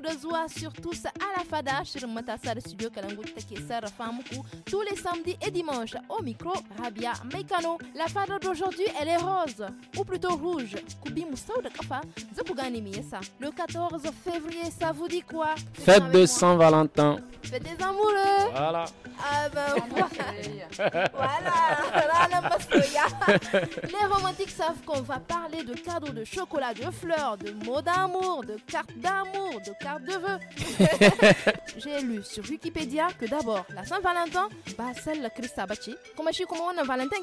de da sur surtout à la fada sur Matassa Studio studio Kalangu take sarrafa muku tous les samedis et dimanches au micro Rabia Mekano. La fada d'aujourd'hui elle est rose ou plutôt rouge. Kubi de Kafa, Le 14 février, ça vous dit quoi Fête de Saint-Valentin. Fête des amoureux. Voilà. Ah ben voilà. voilà. Les romantiques savent qu'on va parler de cadeaux de chocolat, de fleurs, de mots d'amour, de cartes d'amour, de cartes de vœux. J'ai lu sur Wikipédia que d'abord, la Saint-Valentin, bah, celle la Christa Bachi. Comme je suis comme on a Valentin,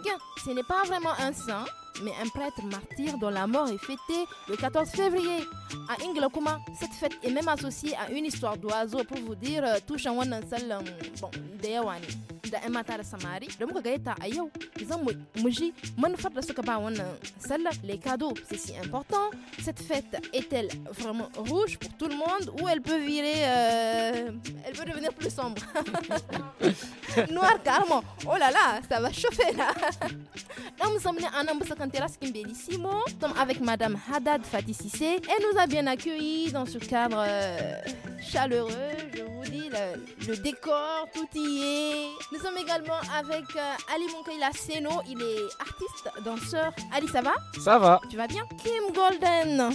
ce n'est pas vraiment un saint, mais un prêtre martyr dont la mort est fêtée le 14 février. À Inglakuma, cette fête est même associée à une histoire d'oiseau pour vous dire euh, touchant un seul euh, bon samari a les cadeaux c'est si important cette fête est-elle vraiment rouge pour tout le monde ou elle peut virer euh, elle peut devenir plus sombre noir carrément oh là là ça va chauffer là un Nous sommes avec Madame Haddad Fatississé. Elle nous a bien accueillis dans ce cadre euh, chaleureux, je vous dis, le, décor, tout y est. Nous sommes également avec euh, Ali Monkeila Seno, il est artiste, danseur. Ali, ça va Ça va. Tu vas bien Kim Golden,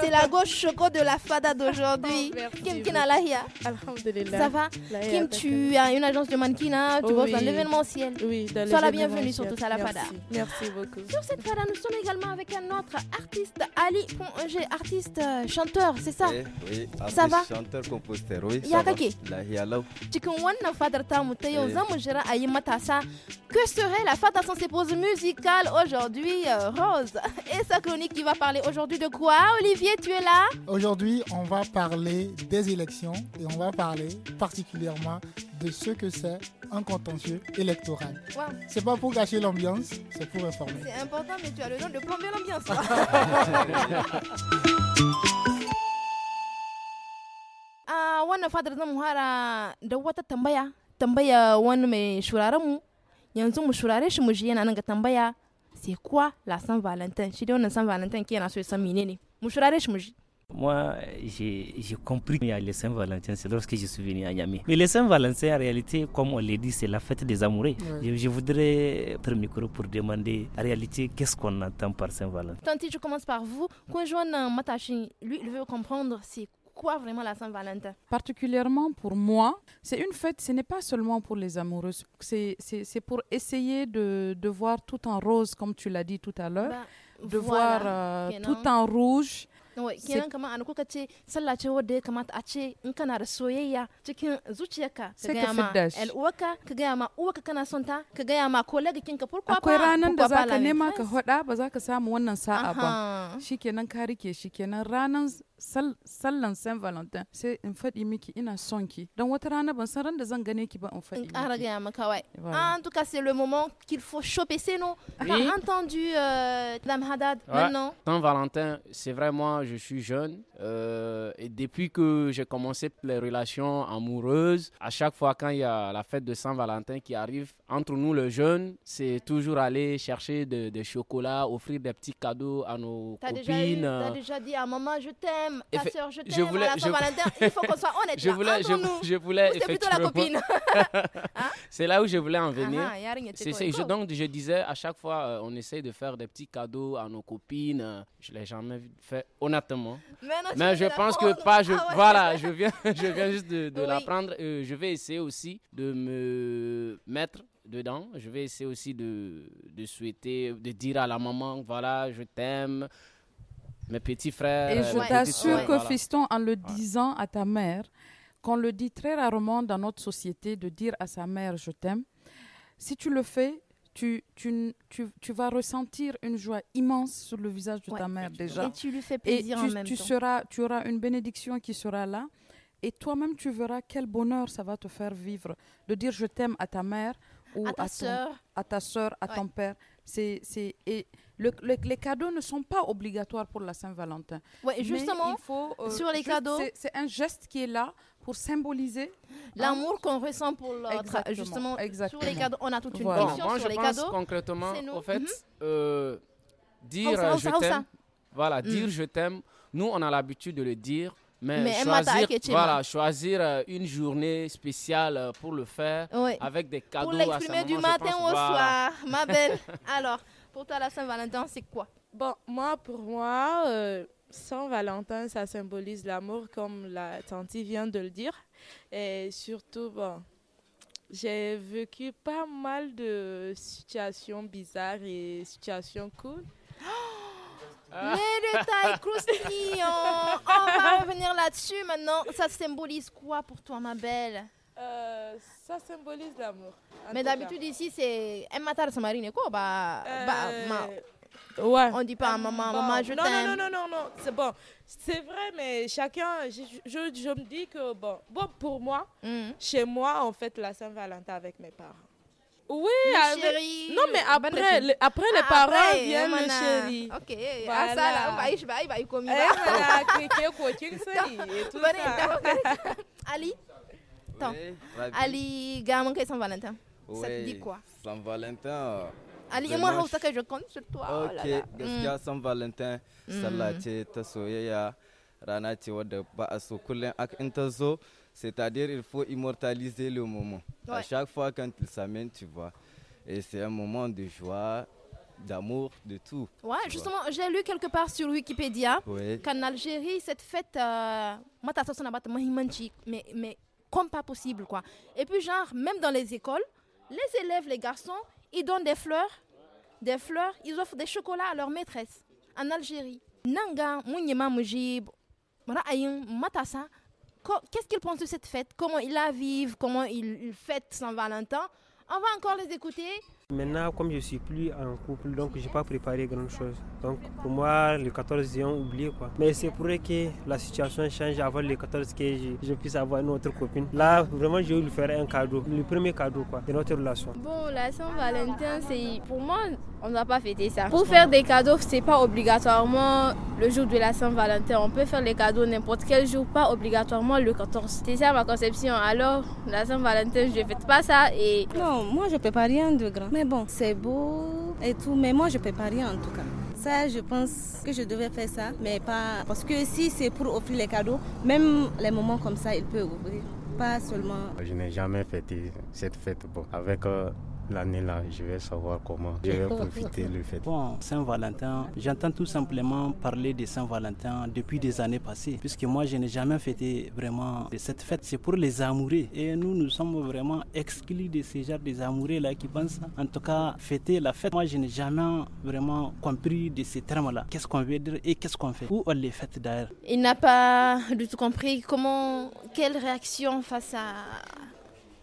c'est la gauche choco de la fada d'aujourd'hui. Oh, Kim Kinalahia. Alhamdulillah. Ça va Kim, tu as une agence de mannequinat, tu oh, bosses oui. dans l'événementiel. Oui, Sois la bienvenue tout à la fada. Merci beaucoup. Sur cette nous sommes également avec un autre artiste, Ali Pongé, euh, artiste euh, chanteur, c'est ça eh Oui, artiste, ça va chanteur, compositeur, oui. Yakaki La wannan fadar tamu ta Que serait la fête sans ses épouse musicale aujourd'hui, euh, Rose Et sa chronique qui va parler aujourd'hui de quoi Olivier, tu es là Aujourd'hui, on va parler des élections et on va parler particulièrement de ce que c'est un contentieux électoral. Wow. C'est pas pour gâcher l'ambiance, c'est pour informer. C'est important, mais tu as le nom de plomber l'ambiance. Hein. Ah, wannan fadar zan hara da wata tambaya tambaya wani mai shuraren mu yanzu mu shurare shi mu ji yana nan ga tambaya c'est quoi la Saint Valentin shi da wannan Saint Valentin ke yana so ya san menene mu shurare shi mu ji moi, j'ai compris qu'il y a les Saint-Valentin, c'est lorsque je suis venu à Niamey. Mais les Saint-Valentin, en réalité, comme on l'a dit, c'est la fête des amoureux. Je, voudrais prendre le micro pour demander, en réalité, qu'est-ce qu'on entend par Saint-Valentin Tanti, je commence par vous. Conjoint euh, Matachi, lui, il veut comprendre c'est quoi vraiment la Saint-Valentin Particulièrement pour moi, c'est une fête, ce n'est pas seulement pour les amoureux, c'est pour essayer de, voir tout en rose, comme tu l'as dit tout à l'heure, bah, de voir euh, tout en rouge, kenan kamar an kuka ce sallah ce wadda ya kamata a ce in kana da soyayya cikin zuciyarka ka gaya ma al'uwarka ka gaya ma uwarka kana son ta ka gaya ma kolegakin ka furkwa akwai ranan da zaka nema ka hoda ba za ka samu wannan sa'a ba shikenan ka rike shi kenan ranan sallan Saint Valentin sai in faɗi miki ina son ki don wata rana ban san ran da zan gane ki ba in faɗi miki. Ara gaya maka wai. En tout cas c'est le moment qu'il faut choper c'est non. Oui. T'as entendu euh, Madame Haddad maintenant. Saint Valentin c'est vraiment je suis jeune. Euh, et depuis que j'ai commencé les relations amoureuses, à chaque fois quand il y a la fête de Saint-Valentin qui arrive, entre nous, le jeune, c'est toujours aller chercher des chocolats, offrir des petits cadeaux à nos copines. Tu as déjà dit à maman, je t'aime, ta soeur, je t'aime, à la Saint-Valentin, il faut qu'on soit honnête. Je voulais, je, je voulais, plutôt la copine. Hein c'est là où je voulais en ah, ah, venir. donc, je disais, à chaque fois, euh, on essaye de faire des petits cadeaux à nos copines. Euh, je ne l'ai jamais fait. On mais, je pense que pas. Je, ah Voilà, je viens, je viens juste de, l'apprendre. je vais essayer aussi de me mettre dedans. Je vais essayer aussi de, souhaiter, de dire à la maman, voilà, je t'aime mes petits frères. Et je t'assure que, fiston, en le disant à ta mère, qu'on le dit très rarement dans notre société, de dire à sa mère je t'aime, si tu le fais, tu, vas ressentir une joie immense sur le visage de ta mère déjà. Et tu lui fais plaisir tu, en même Seras, tu auras une bénédiction qui sera là. Et toi-même, tu verras quel bonheur ça va te faire vivre. De dire je t'aime à ta mère ou à ta soeur, à, ta soeur, à ton père. C'est, c'est, et les cadeaux ne sont pas obligatoires pour la Saint-Valentin. Oui, justement, euh, sur les cadeaux. c'est un geste qui est là pour symboliser l'amour qu'on ressent pour l'autre. Justement, exactement. sur les cadeaux, on a toute une conscience sur les cadeaux. Concrètement, au fait, mhm. euh, dire euh, je t'aime, voilà, dire mhm. je t'aime. Nous, on a l'habitude de le dire. Mais, choisir, voilà, choisir euh, une journée spéciale pour le faire avec des cadeaux. Pour l'exprimer du matin au soir, ma belle. Alors, pour toi, la Saint-Valentin, c'est quoi Bon, moi, pour moi, Saint-Valentin, ça symbolise l'amour, comme la tante vient de le dire. Et surtout, bon, j'ai vécu pas mal de situations bizarres et situations cool. Ah. Mais le On va revenir là-dessus maintenant. Ça symbolise quoi pour toi, ma belle euh, ça symbolise l'amour. Mais d'habitude ici c'est matar marine quoi bah, bah euh, Ouais. On dit pas à maman, maman, je t'aime. Non, non, non, non, non, c'est bon. C'est vrai, mais chacun, je, je, je, me dis que, bon, bon pour moi, hmm. chez moi, en fait la Saint-Valentin avec mes parents. Oui, avec... non mais après, après les ah, parents viennent mon chéri. Ok, ah, voilà. ça là, on va y va y va y comme eh, Et tout ça. Ali, attends, oui. Ali, gamin que Saint Valentin. Ça te dit quoi? Saint Valentin. Euh, que je compte oh Ok, mm. c'est-à-dire il faut immortaliser le moment. À chaque fois quand il s'amène, tu vois. Et c'est un moment de joie, d'amour, de tout. Ouais, justement, j'ai lu quelque part sur Wikipédia qu'en Algérie, cette fête, euh, mais, mais comme pas possible, quoi. Et puis, genre, même dans les écoles, les élèves, les garçons, ils donnent des fleurs des fleurs, ils offrent des chocolats à leur maîtresse. en Algérie. Nanga, Mujib, Matassa, qu'est-ce qu'ils pensent de cette fête Comment ils la vivent Comment ils fêtent Saint-Valentin On va encore les écouter Maintenant, comme je suis plus en couple, donc n'ai pas préparé grand chose. Donc pour moi, le 14, ils ont oublié quoi. Mais c'est pour que la situation change avant le 14 que je, puisse avoir une autre copine. Là, vraiment, je vais lui faire un cadeau, le premier cadeau quoi, de notre relation. Bon, la Saint-Valentin, c'est pour moi, on ne va pas fêter ça. Pour faire des cadeaux, c'est pas obligatoirement le jour de la Saint-Valentin. On peut faire les cadeaux n'importe quel jour, pas obligatoirement le 14. C'est ça ma conception. Alors, la Saint-Valentin, je ne fête pas ça et. Non, moi, je ne peux rien de grand. Mais bon, c'est beau et tout, mais moi je peux pas rien en tout cas. Ça, je pense que je devais faire ça, mais pas. Parce que si c'est pour offrir les cadeaux, même les moments comme ça, il peut ouvrir. Pas seulement. Je n'ai jamais fêté cette fête avec euh, l'année-là, je vais savoir comment je vais profiter le fait. Bon, Saint-Valentin, j'entends tout simplement parler de Saint-Valentin depuis des années passées, puisque moi je n'ai jamais fêté vraiment de cette fête. C'est pour les amoureux. Et nous, nous sommes vraiment exclus de ces genre des amoureux-là qui pensent, en tout cas, fêter la fête. Moi, je n'ai jamais vraiment compris de ces termes-là. Qu'est-ce qu'on veut dire et qu'est-ce qu'on fait Où on les fête d'ailleurs Il n'a pas du tout compris comment, quelle réaction face à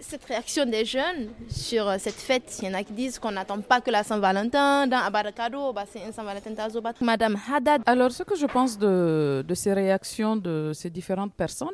cette réaction des jeunes sur euh, cette fête, il y en a qui disent qu'on n'attend pas que la Saint-Valentin, dans cadeau, bah, c'est une Saint-Valentin Tazobat. Madame Haddad. Alors, ce que je pense de, ces réactions de ces différentes personnes,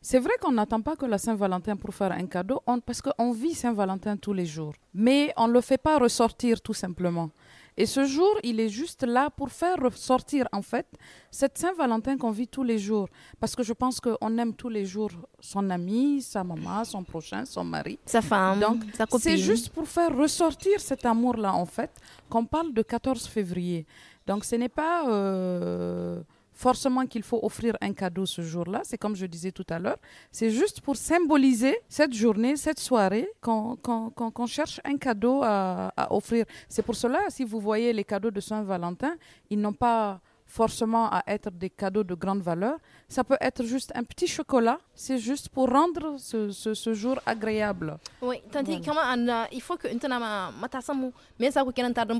c'est vrai qu'on n'attend pas que la Saint-Valentin pour faire un cadeau, parce qu'on vit Saint-Valentin tous les jours. Mais on ne le fait pas ressortir tout simplement. Et ce jour, il est juste là pour faire ressortir, en fait, cette Saint-Valentin qu'on vit tous les jours. Parce que je pense qu'on aime tous les jours son ami, sa maman, son prochain, son mari. Sa femme, Donc, C'est juste pour faire ressortir cet amour-là, en fait, qu'on parle de 14 février. Donc, ce n'est pas... Euh, forcément qu'il faut offrir un cadeau ce jour-là. C'est comme je disais tout à l'heure. C'est juste pour symboliser cette journée, cette soirée, qu'on cherche un cadeau à offrir. C'est pour cela, si vous voyez les cadeaux de Saint-Valentin, ils n'ont pas forcément à être des cadeaux de grande valeur. Ça peut être juste un petit chocolat. C'est juste pour rendre ce, jour agréable. Oui, tant voilà. Euh, il faut que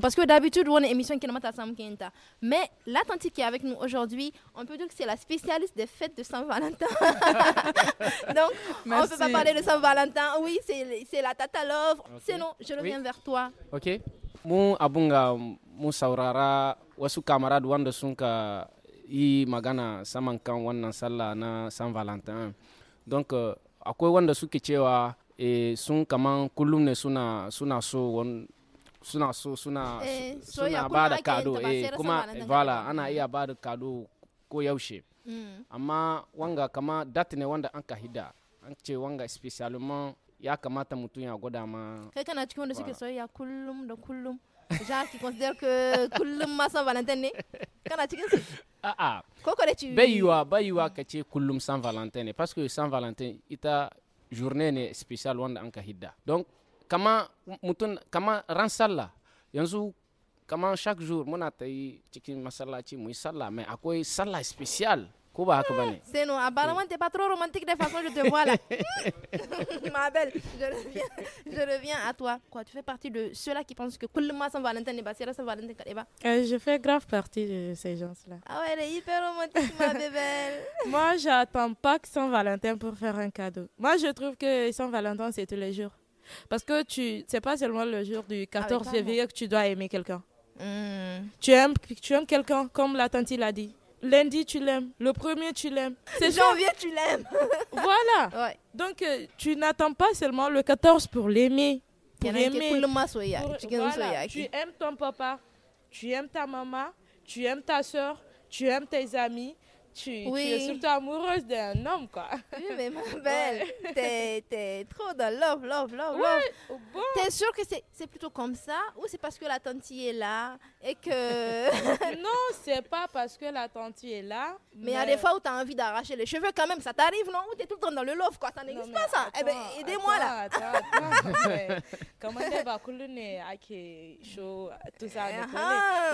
parce que d'habitude on a une émission qui Mais la qui est avec nous aujourd'hui, on peut dire que c'est la spécialiste des fêtes de Saint-Valentin. Donc on on peut pas parler de Saint-Valentin. Oui, c'est la tata love. Sinon, je reviens vers toi. OK. Mon abunga mon saurara wasu kamarad wanda sun ka yi magana saman kan wannan sallah na san valentin don euh, akwai wanda suke cewa e, sun kaman kullum ne suna, suna so suna so suna eh, suna ba da kado eh, kuma vala ana iya ba da kado ko yaushe mm. amma wanga kama dat ne wanda an ka hida an ce wanga specialement ya kamata mutum ya gwada ma kai kana cikin wanda suke soyayya kullum da kullum gens qui considèrent que tout le Saint Valentin Valentine hein. quand cikin su a'a ko ko da ci bai yiwa que tu ka ce kullum Saint Valentin parce que Saint Valentin ita journée ne special wanda an ka donc comment comment kama ran sallah yanzu comment chaque jour qui ta yi cikin masallaci mu mais à quoi akwai sallah special eh, c'est nous, À tu n'es t'es pas trop romantique des façons je te vois là ma belle je reviens je reviens à toi quoi tu fais partie de ceux-là qui pensent que coule-moi Saint Valentin n'est pas c'est Saint Valentin kadeba euh, je fais grave partie de ces gens là ah ouais elle est hyper romantique ma belle moi j'attends pas que Saint Valentin pour faire un cadeau moi je trouve que Saint Valentin c'est tous les jours parce que tu c'est pas seulement le jour du 14 ah février que tu dois aimer quelqu'un hmm. tu aimes tu aimes quelqu'un comme la tante l'a dit Lundi, tu l'aimes. Le premier, tu l'aimes. C'est janvier, tu l'aimes. voilà. Donc, euh, tu n'attends pas seulement le 14 pour l'aimer. Pour Tu aimes ton papa, tu aimes ta maman, tu aimes ta soeur, tu aimes tes amis, tu, es surtout amoureuse d'un homme, quoi. Oui, mais ma belle, t'es trop dans love, love, love, love. T'es sûre que c'est plutôt comme ça ou c'est parce que la tante est là et que... non, c'est pas parce que la tante est là. Mais il y a des fois où t'as envie d'arracher les cheveux quand même, ça t'arrive, non Ou t'es tout le temps dans le love, quoi, ça n'existe pas, ça. eh ben, aidez-moi, là. Il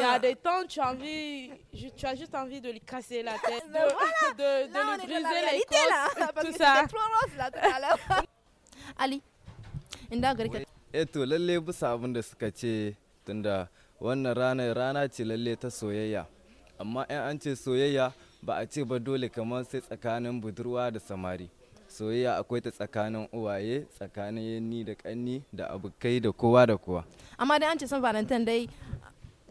y a des temps, tu as envie, tu as juste envie de lui casser la tête. de, voilà. de, de, là, on est briser dans la réalité, côtes, là, parce tout que ça. là, tout à l'heure. Ali, inda gari ka. Eh to lalle bisa abin da suka ce tunda wannan rana rana ce lalle ta soyayya. Amma in an ce soyayya ba a ce ba dole kamar sai tsakanin budurwa da samari. soyayya akwai ta tsakanin uwaye tsakanin yanni da kanni da abokai da kowa da kowa amma dai an ce san valentine dai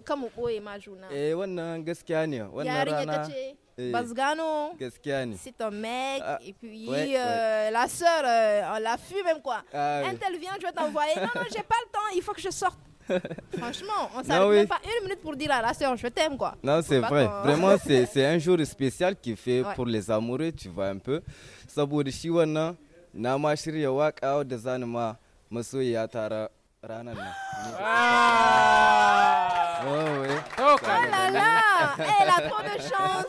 kan mu boye ma juna eh wannan gaskiya ne wannan rana yarinya ta ce Eh, Basgano. C'est ton mec. Ah, et puis, euh, la sœur, euh, on l'a fui même quoi. Ah, Elle vient, je vais t'envoyer. non, non, j'ai pas le temps, il faut que je sorte. Franchement, on s'arrête pas une minute pour dire à la sœur, je t'aime quoi. Non, c'est vrai. Vraiment, c'est un jour spécial qui fait pour les amoureux, tu vois un peu. Saboda shi wannan na ma ah! shirya waƙa da Oh, oh, oh là là, elle eh, a trop de chance.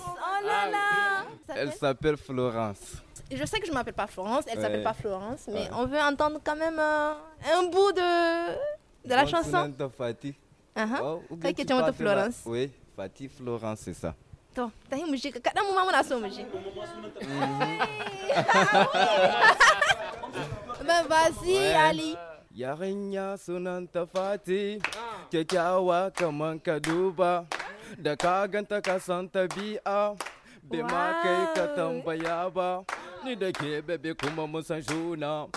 Elle s'appelle Florence. Je sais que je m'appelle pas Florence, elle s'appelle pas Florence, mais on veut entendre quand même euh, un bout de, de la chanson. De Fatih. Uh -huh. oh, Kai Florence. Oui, Fatih Florence, c'est ça. To, tahi mu je Quand mu ma muna so son je. Mhm. Ah ben vas-y Ali. Yarinya sunanta Fatih, ah. kyakkyawa kaman ka duba, da ka ganta ka on applaudit pour ka tambaya ba ni da ke kuma san juna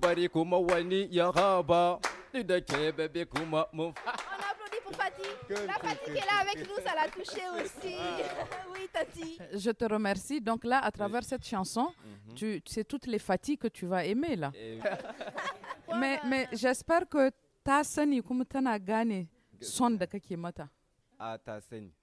bari kuma wani ya ni da ke kuma Fatih. La Fatih qui est là avec nous, ça l'a touché aussi. Ah. oui, Tati. Je te remercie. Donc là, à travers cette chanson, mhm. tu, c'est toutes les Fatih que tu vas aimer là. Eh mais mais j'espère que ta sani kuma tana gagné son da kake Ah, ta scène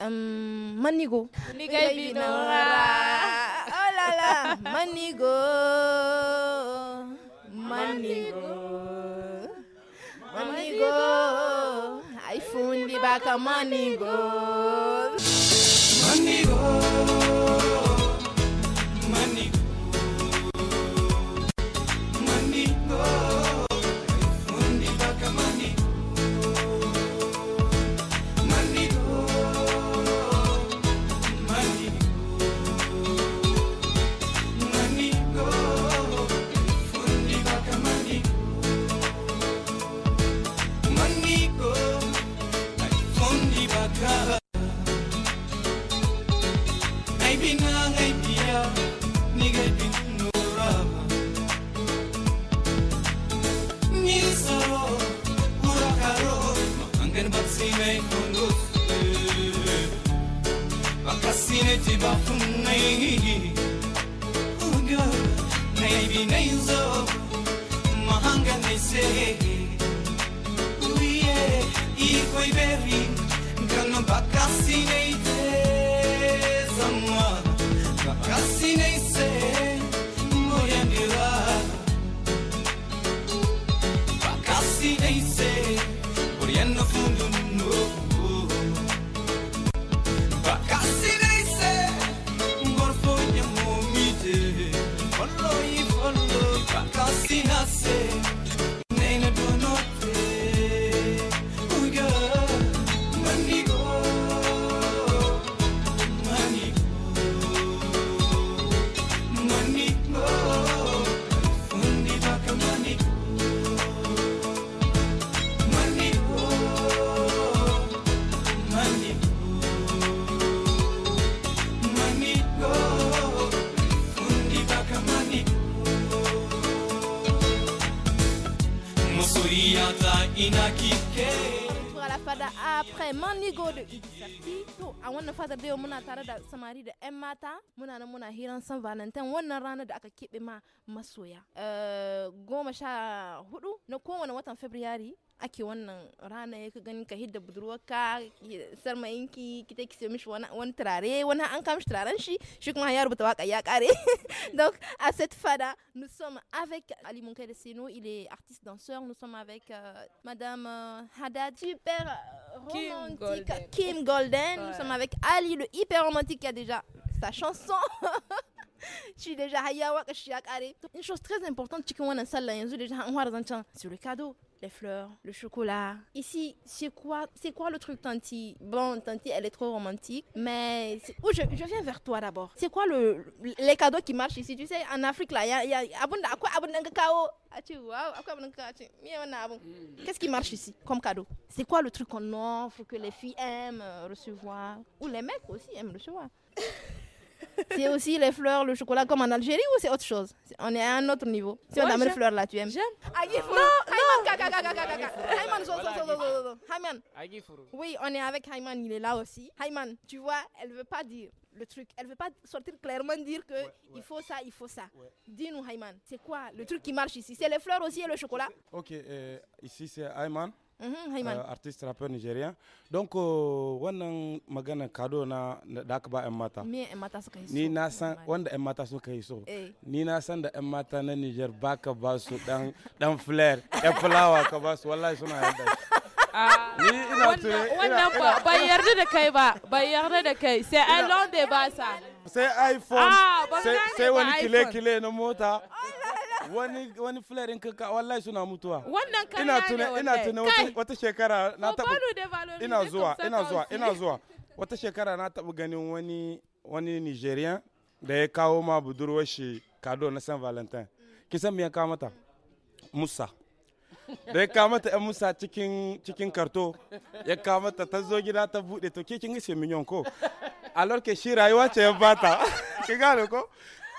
Um, manigo. Ligay Oh la la. Manigo. Manigo. Manigo. iPhone di baka manigo. sineti baktım neyi Uga neyi neyzo mahanga neyse Uye iyi koy beri Gönlüm bakasın neyi Pour la fada après Manigo de Idisaki. To a wannan fada de yau muna tare da samari da 'yan mata muna nan hiran san Valentine wannan ranar da aka keɓe ma masoya. Eh, goma sha hudu na kowane watan Fabrairu ake wannan rana ya ka gani ka hidda budurwarka sarmayinki ki ki sai mishi wani turare wani an kama shi turaren shi shi kuma ya rubuta waka ya kare donc à cette fada nous sommes avec Ali Monkele Seno il est artiste danseur nous sommes avec euh, madame euh, Haddad hyper romantique Kim Golden, nous sommes avec Ali le hyper romantique qui a déjà sa chanson Je suis déjà une chose très importante cikin dans un sur le cadeau les fleurs, le chocolat. Ici, c'est quoi, c'est quoi le truc, Tanti Bon, Tanti, elle est trop romantique, mais oh, je, viens vers toi d'abord. C'est quoi le, les cadeaux qui marchent ici Tu sais, en Afrique, là, il y a, y a Qu'est-ce qui marche ici comme cadeau C'est quoi le truc qu'on offre, que les filles aiment euh, recevoir Ou les mecs aussi aiment recevoir c'est aussi les fleurs, le chocolat, comme en Algérie ou c'est autre chose On est à un autre niveau. Si on a les fleurs là, tu aimes J'aime. Non, non. Oui, on est avec Hayman, il est là aussi. Hayman, tu vois, elle veut pas dire le truc. Elle veut pas sortir clairement dire que il faut ça, il faut ça. Dis-nous, Hayman, c'est quoi le truc qui marche ici C'est les fleurs aussi et le chocolat Ok, euh, ici c'est Hayman. Mhm, eh, artiste rappeur nigerian donc euh, wannan magana kado na da aka ba 'yan mata me 'yan mata suka yi so ni na san wanda 'yan mata suka yi so eh. ni na san da 'yan mata na niger baka ba su dan dan flair ya fulawa ka ba su wallahi suna yarda ah, ni ina tuni wannan ba ban yarda da kai ba ban yarda da kai sai ai long da ba sa sai iphone ah, sai wani kile kile na mota wani wani flaring in kaka wallahi suna mutuwa wannan kariya ina tuna ina tuna wata shekara na taba ina zuwa ina zuwa ina zuwa wata shekara na taba ganin wani wani Nigerian da ya kawo ma budurwar shi kado na Saint Valentine kin san me ya kawo mata Musa da ya kawo mata yan musa cikin cikin karto ya kawo mata ta zo gida ta bude to ke kin ga minyon ko alors que shi rayuwa ce ya bata ki gane ko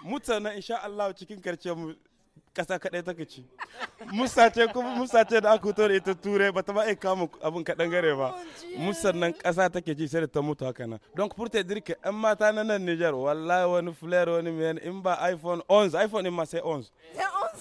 mutane insha Allah cikin karce mu kasa kaɗai take ci musa ce kuma musa ce da aka fito da ita ture ba ta ba aika kama abin kaɗan gare ba musa nan ƙasa take ci sai da ta mutu haka nan don pour te dire que mata na nan Niger wallahi wani flare wani men in ba iPhone 11 iPhone in ma sai 11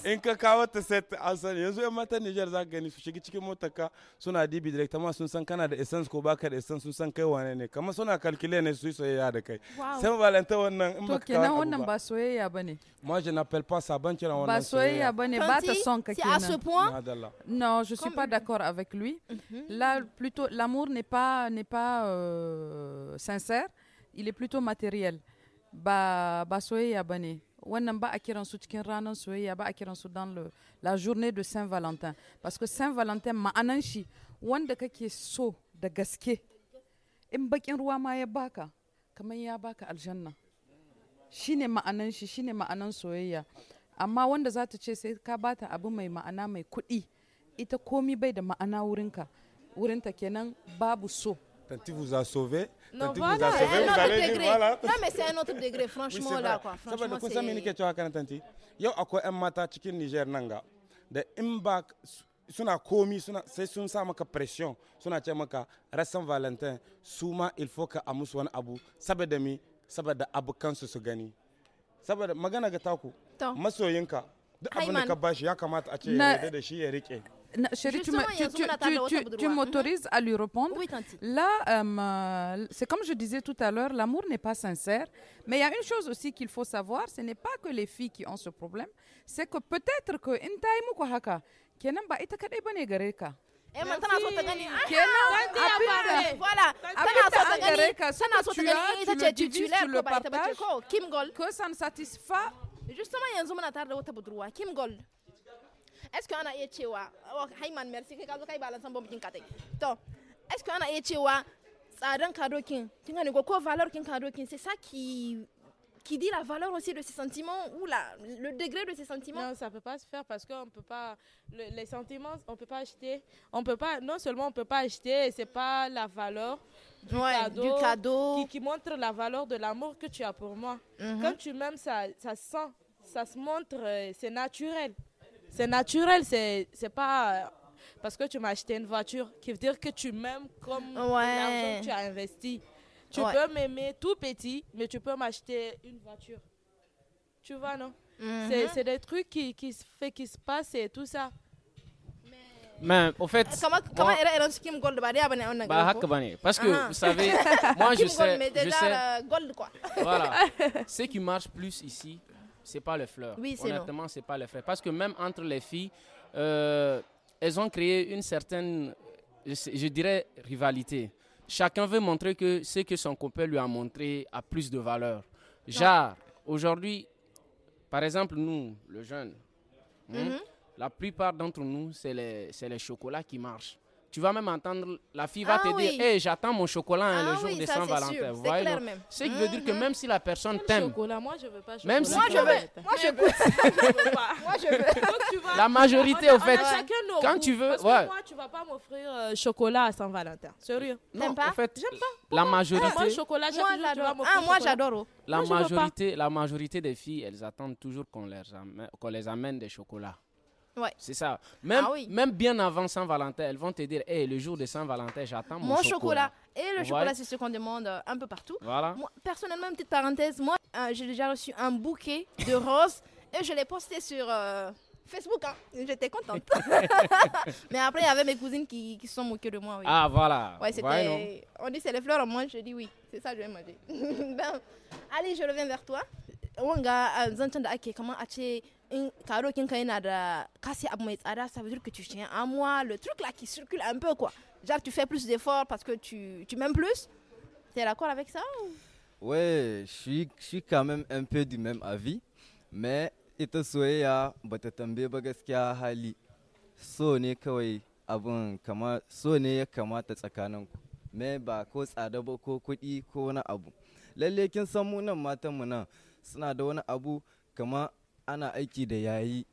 in ka kawo ta set asal yanzu yan matan Niger za ka gani su shiga cikin motarka suna dibi direct amma sun san kana da essence ko baka da essence sun san kai wane ne kamar suna calculate ne su yi soyayya da kai sai balanta wannan in baka kawo wannan ba soyayya bane moi je n'appelle pas ça ban kiran wannan ba soyayya bane ba ta son ka kenan à ce point non je suis pas d'accord avec lui mhm. là plutôt l'amour n'est pas n'est pas euh, sincère il est plutôt matériel ba ba soyayya bane wannan ba a kiran su cikin ranar soyayya ba a kiran su dan la journée de Saint Valentin parce que Saint Valentin ma'anan shi wanda kake so da gaske in bakin ruwa ma ya baka kamar ya baka aljanna shine ma'anan shi shine ma'anan soyayya amma wanda za ta ce sai ka bata abu mai ma'ana mai kuɗi ita komi bai da ma'ana wurinka wurinta kenan babu so. Tanti za a Non, voilà, c'est un autre e degré. Non, mais c'est un autre degré, franchement, là, quoi. Saboda kun san une nake cewa kana tanti? Yau akwai 'yan mata cikin Niger nan ga da in ba suna komi suna sai sun sa maka pression suna ce maka rassan Valentin su ma il faut ka a musu wani abu saboda mi saboda kansu su gani. Saboda magana ga taku masoyinka duk abin da ka bashi ya kamata a ce ya da shi ya rike. chérie, tu, m'autorises à lui répondre. Oui, Là, euh, c'est comme je disais tout à l'heure, l'amour n'est pas sincère. Mais il y a une chose aussi qu'il faut savoir, ce n'est pas que les filles qui ont ce problème, c'est que peut-être que intaimu ko haka, kenan ba ita kadai bane gare ka. kenan eh, abin da so ta gani ita ce titulaire tu ba tu bace ko Kim Gold. ça ne satisfait? Justement yanzu muna tare da wata budurwa Kim Gold est ce qu'on a iya oh haiman merci est ce échoué? a cadeau tsadan quoi, valeur cadeau c'est ça qui qui dit la valeur aussi de ses sentiments ou la, le degré de ses sentiments. Non, ça ne peut pas se faire parce qu'on peut pas. les sentiments, on ne peut pas acheter. On peut pas. Non seulement on ne peut pas acheter, c'est pas la valeur du cadeau, du Qui, qui, montre la valeur de l'amour que tu as pour moi. Mhm. Quand tu m'aimes, ça, ça sent, ça se montre, euh, c'est naturel. C'est naturel, c'est pas euh, parce que tu m'as acheté une voiture qui veut dire que tu m'aimes comme l'argent que tu as investi. Tu peux m'aimer tout petit, mais tu peux m'acheter une voiture. Tu vois, non C'est mhm. des trucs qui, se fait, qui se passent et tout ça. Mais au fait, parce que ah. vous savez, moi je sais, je sais, euh, voilà, ce qui marche plus ici, c'est pas le fleurs. Oui, ce Honnêtement, c'est pas les fleurs. Parce que même entre les filles, euh, elles ont créé une certaine, je, dirais, rivalité. Chacun veut montrer que ce que son copain lui a montré a plus de valeur. Genre, aujourd'hui, par exemple, nous, le jeune, hein, mm-hmm. la plupart d'entre nous, c'est les, les chocolats qui marchent tu vas même entendre la fille va ah te dire hey, j'attends mon chocolat hein, ah le jour de Saint-Valentin. C'est clair même. Ce qui veut dire que mm-hmm. même si la personne t'aime. Moi, je veux pas Même si moi, je veux. Moi, je veux. moi, je veux. la majorité, au fait. Quand, tu veux. moi, tu vas pas m'offrir euh, chocolat à Saint-Valentin. Sérieux. T'aimes pas en fait, pas. La majorité. moi, ah, j'adore. La majorité, la majorité des filles, elles attendent toujours qu'on les amène des chocolats. C'est ça. Même, ah même bien avant Saint-Valentin, elles vont te dire hey, eh, le jour de Saint-Valentin, j'attends mon, chocolat. Et le chocolat, c'est ce qu'on demande euh, un peu partout. Voilà. personnellement, petite parenthèse, moi, euh, j'ai déjà reçu un bouquet de roses et je l'ai posté sur. Euh, Facebook, hein. j'étais contente. Mais après, il y avait mes cousines qui, se sont moquées de moi. Ah, voilà. Ouais, on dit c'est les fleurs, moi je dis oui. C'est ça, je vais manger. Ben, allez, je reviens vers toi. Wanga, comment as-tu caro karo kinka yana da kasi abu mai tsada ça veut dire que tu tiens à moi le truc là qui circule un peu quoi genre tu fais plus d'efforts parce que tu, tu m'aimes plus t'es d'accord avec ça ou... ouais je suis je suis quand même un peu du même avis mais ita soyayya ah, bata tambaye ba gaskiya hali so ne kawai abun kama so ne ya kamata tsakaninku me ba ko tsada ba ko kuɗi ko wani abu lalle kin san mu nan matan mu nan suna da wani abu kama ana aiki da yayi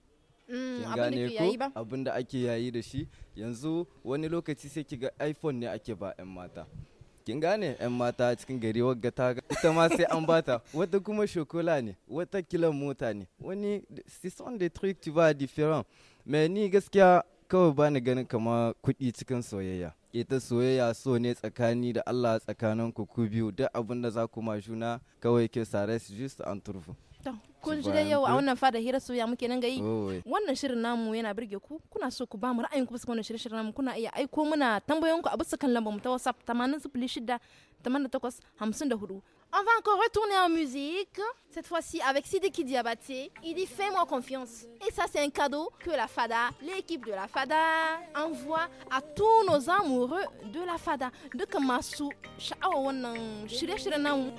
mm, gane ko abin da ake yayi da shi yanzu wani lokaci sai kiga iphone ne ake ba 'yan mata kin gane 'yan mata cikin gari wagga ta ita ma sai an bata wata kuma shokola ne wata kilan mota ne wani season de trick tu vas different me ni gaskiya kawai ba ni ganin kama kuɗi cikin soyayya ita soyayya so ne tsakani da Allah tsakanin ku ku biyu duk abin da za ku ma juna kawai ke sare just an turfu. kun ji dai yau a wannan fada hira soyayya muke nan ga yi wannan shirin namu yana birge ku kuna so ku ba mu ra'ayin ku bisa wannan shirin shirin namu kuna iya aiko muna tambayoyin a bisa kan lambar mu ta WhatsApp 8006 88 54 On va encore retourner en musique, cette fois-ci avec Sidiki Diabaté. Il dit Fais-moi confiance. Et ça, c'est un cadeau que la FADA, l'équipe de la FADA, envoie à tous nos amoureux de la FADA. De Kamasu, Sha'awanan, Shire Namu.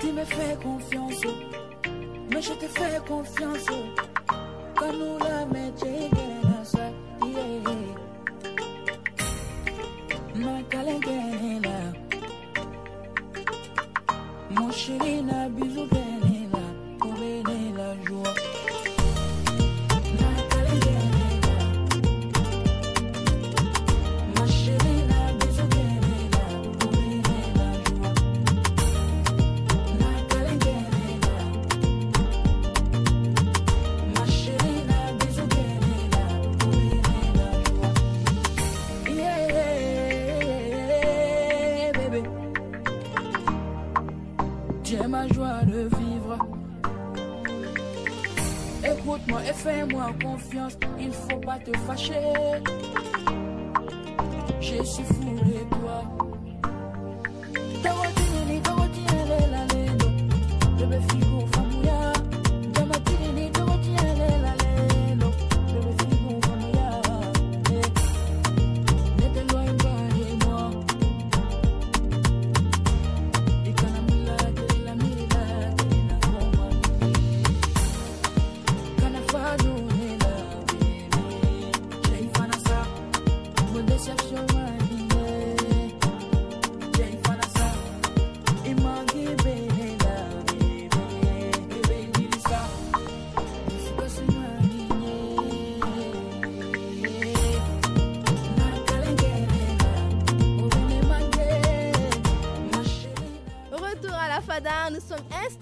Tu me fais confiance, mais je te fais confiance. Quand nous la mettons, ma là, mon chéri n'a bisou la, pour la joie. fâché.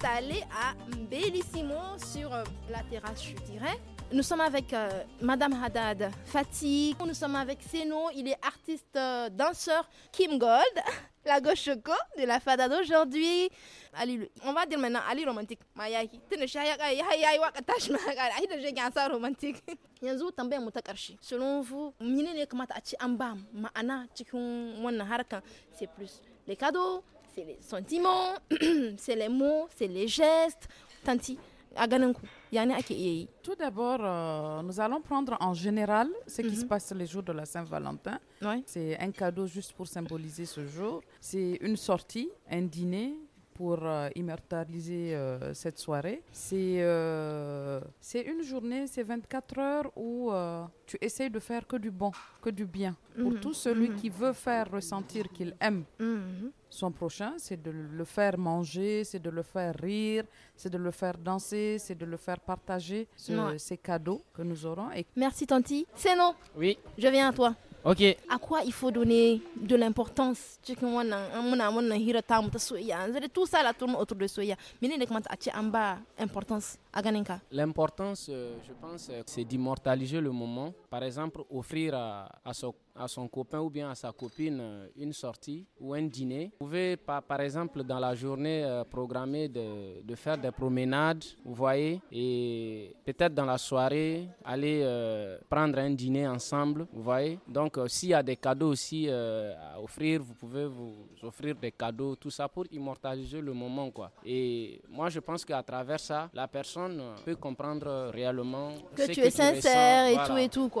allé à Bellissimo sur euh, la terrasse, je dirais. Nous sommes avec euh, Madame Haddad Fatih. Nous sommes avec Seno, il est artiste euh, danseur Kim Gold, la gauche de la fada d'aujourd'hui. On va dire maintenant Ali romantique. romantique. selon vous c'est plus les cadeaux c'est les sentiments, c'est les mots, c'est les gestes. Tanti, tout d'abord, euh, nous allons prendre en général ce qui se mhm. passe les jours de la Saint-Valentin. C'est un cadeau juste pour symboliser ce jour. C'est une sortie, un dîner, pour euh, immortaliser euh, cette soirée. C'est euh, c'est une journée, c'est 24 heures où tu essayes de faire que du bon, que du bien. Pour mhm. tout celui mhm. qui veut faire ressentir qu'il aime mhm. son prochain, c'est de le faire manger, c'est de le faire rire, c'est de le faire danser, c'est de le faire partager ces cadeaux que nous aurons. Et... Merci Tanti. C'est non. Oui. Je viens à toi. Okay. a quoi il faut donner de l'importance Tu cikin wannan an muna wannan hira ta mu ta soyayya yanzu da tout ça la tourne autour de soyayya menene ne kamata a ce en bas importance a ganin l'importance euh, je pense euh, c'est d'immortaliser le moment par exemple, offrir à, son, à, son, copain ou bien à sa copine euh, une sortie ou un dîner. Vous pouvez, par, exemple, dans la journée, euh, programmer de, faire des promenades, vous voyez, et peut-être dans la soirée, aller euh, prendre un dîner ensemble, vous voyez. Donc, s'il y a des cadeaux aussi à offrir, vous pouvez vous offrir des cadeaux, tout ça pour immortaliser le moment, quoi. Et moi, je pense qu'à travers ça, la personne peut comprendre réellement que tu es sincère et tout et tout, quoi.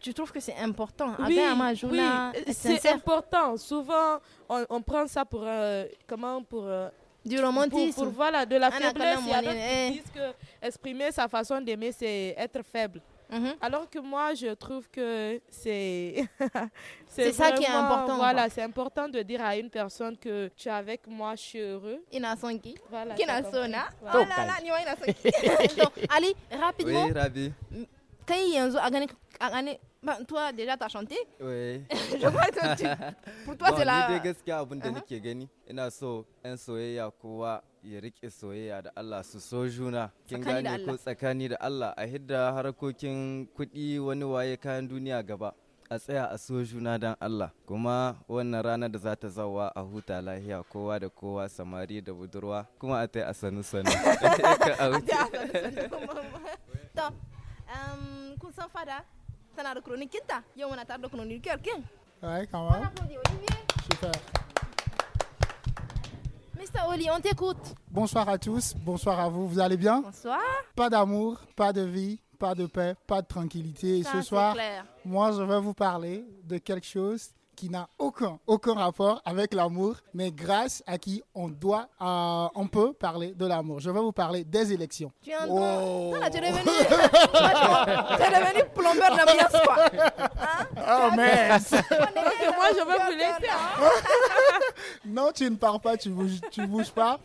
tu trouves que c'est important oui, c'est important. Souvent, on, prend ça pour euh, comment pour euh, du romantisme. Pour, voilà, de la faiblesse. Il disent que exprimer sa façon d'aimer, c'est être faible. Mhm. Alors que moi, je trouve que c'est. c'est ça qui est important. Voilà, c'est important de dire à une personne que tu es avec moi, je suis heureux. Inasonki. Voilà. Oh là là, allez, rapidement. Oui, ravi. kai yanzu a gani a gani toi déjà t'as chanté oui je vois que tu pour toi c'est la ni dai gaskiya abin da nake gani ina so yan soyayya kowa ya rike soyayya da Allah su so juna kin gane ko tsakani da Allah a hidda harkokin kuɗi wani waye kayan duniya gaba a tsaya a so juna dan Allah kuma wannan ranar da za ta zawa a huta lahiya kowa da kowa samari da budurwa kuma a ta yi a sanu sanu Oli, on t'écoute. Bonsoir à tous, bonsoir à vous, vous allez bien Bonsoir. Pas d'amour, pas de vie, pas de paix, pas de tranquillité. Et ce soir, moi, je veux vous parler de quelque chose qui n'a aucun, aucun rapport avec l'amour, mais grâce à qui on doit, euh, on peut parler de l'amour. Je vais vous parler des élections. Tu es, un oh. là, tu es devenu, tu es devenu quoi. Oh, hein oh, merde. moi, je veux vous laisser. Hein. Hein. non, tu ne pars pas, tu ne bouges, tu bouges pas.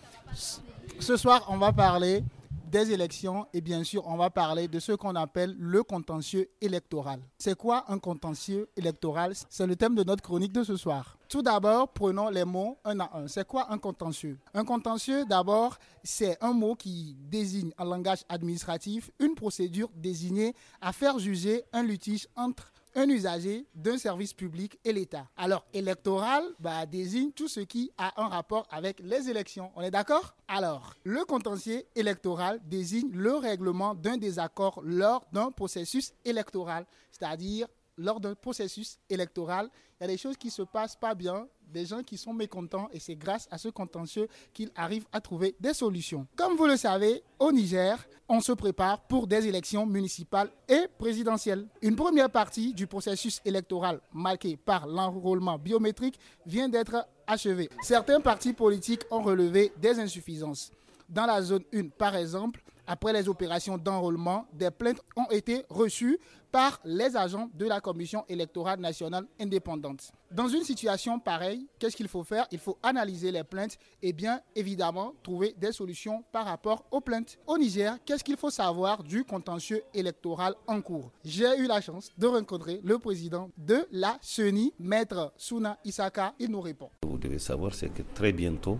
Ce soir, on va parler des élections et bien sûr on va parler de ce qu'on appelle le contentieux électoral. C'est quoi un contentieux électoral C'est le thème de notre chronique de ce soir. Tout d'abord, prenons les mots un à un. C'est quoi un contentieux Un contentieux, d'abord, c'est un mot qui désigne en langage administratif une procédure désignée à faire juger un litige entre un usager d'un service public et l'État. Alors, électoral bah, désigne tout ce qui a un rapport avec les élections. On est d'accord Alors, le contentieux électoral désigne le règlement d'un désaccord lors d'un processus électoral, c'est-à-dire lors d'un processus électoral, il y a des choses qui se passent pas bien des gens qui sont mécontents et c'est grâce à ce contentieux qu'ils arrivent à trouver des solutions. Comme vous le savez, au Niger, on se prépare pour des élections municipales et présidentielles. Une première partie du processus électoral marqué par l'enrôlement biométrique vient d'être achevée. Certains partis politiques ont relevé des insuffisances. Dans la zone 1, par exemple, après les opérations d'enrôlement, des plaintes ont été reçues par les agents de la Commission électorale nationale indépendante. Dans une situation pareille, qu'est-ce qu'il faut faire Il faut analyser les plaintes et bien évidemment trouver des solutions par rapport aux plaintes. Au Niger, qu'est-ce qu'il faut savoir du contentieux électoral en cours J'ai eu la chance de rencontrer le président de la CENI, maître Suna Isaka. Il nous répond. Vous devez savoir, c'est que très bientôt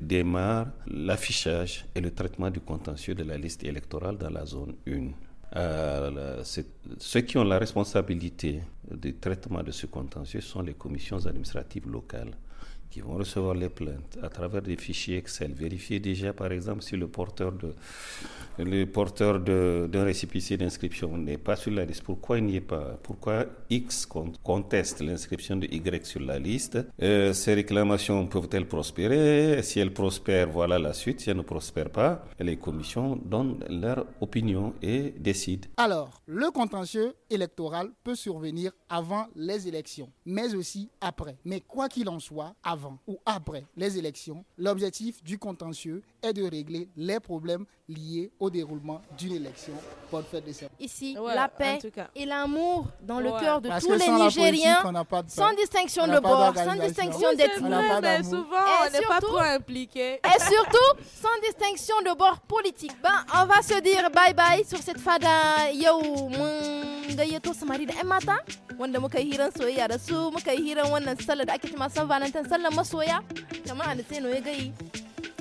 démarre l'affichage et le traitement du contentieux de la liste électorale dans la zone 1. Euh, ceux qui ont la responsabilité du traitement de ce contentieux sont les commissions administratives locales qui vont recevoir les plaintes à travers des fichiers Excel. vérifier déjà, par exemple, si le porteur de le porteur d'un récipient d'inscription n'est pas sur la liste. Pourquoi il n'y est pas Pourquoi X conteste l'inscription de Y sur la liste euh, Ces réclamations peuvent-elles prospérer Si elles prospèrent, voilà la suite. Si elles ne prospèrent pas, les commissions donnent leur opinion et décident. Alors, le contentieux électoral peut survenir avant les élections, mais aussi après. Mais quoi qu'il en soit, avant avant ou après les élections, l'objectif du contentieux est de régler les problèmes lié au déroulement d'une élection pour faire des Ici, ouais, la paix et l'amour dans ouais. le cœur de Parce tous les Nigériens, sans distinction de bord, sans distinction oui, d'ethnie. mais souvent, et on n'est pas trop impliqué. Et surtout, sans distinction de bord politique. Ben, on va se dire bye-bye sur cette fada. Yo, gayyato samari da 'yan mata wanda muka yi hiran soyayya da su muka yi hiran wannan sallar da ake cima san valentine sallar masoya jama'a da sai ya gai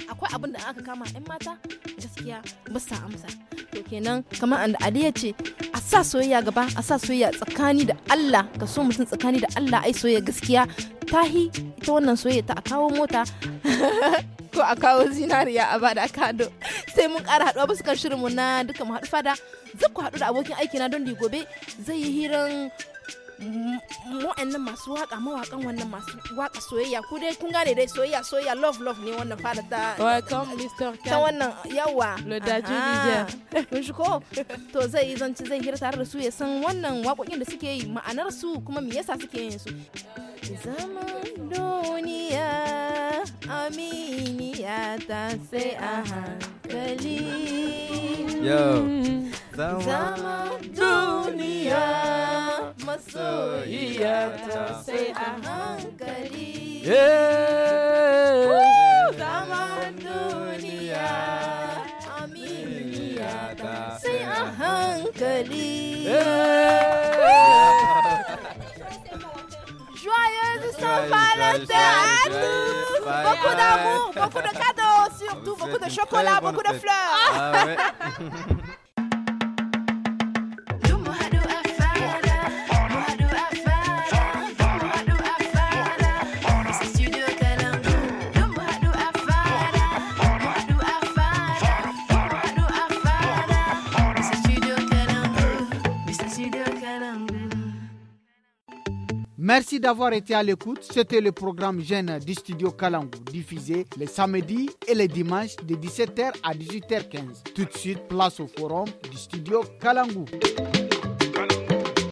akwai abin da aka kama yan mata gaskiya ba sa amsa to kenan kamar anda da ya ce a sa soyayya gaba a sa soyayya tsakani da Allah ka so mutum tsakani da Allah ai soyayya gaskiya tahi ita wannan soyayya ta kawo mota ko a kawo zinariya a bada kado sai mun kara haduwa basu kan shirinmu na duka mu haɗu fada zan ku haɗu da abokin aiki na don gobe zai yi hirin wa'annan masu waka mawakan wannan masu waka soyayya ku dai kun gane dai soyayya soyayya love love ne wannan fara ta welcome mr ta wannan yawa le daju niger kun shi ko to zai yi zanci zai hira tare da su ya san wannan waƙoƙin da suke yi ma'anar su kuma me yasa suke yin su zaman duniya aminiya ta sai a hankali yo zaman duniya so Joyeuse Saint-Valentin à tous! Beaucoup d'amour, beaucoup de cadeaux, surtout ah, beaucoup de chocolat, beaucoup de fleurs! Ah, Merci d'avoir été à l'écoute. C'était le programme Gêne du studio Kalangu, diffusé les samedis et les dimanches de 17h à 18h15. Tout de suite, place au forum du studio Kalangu.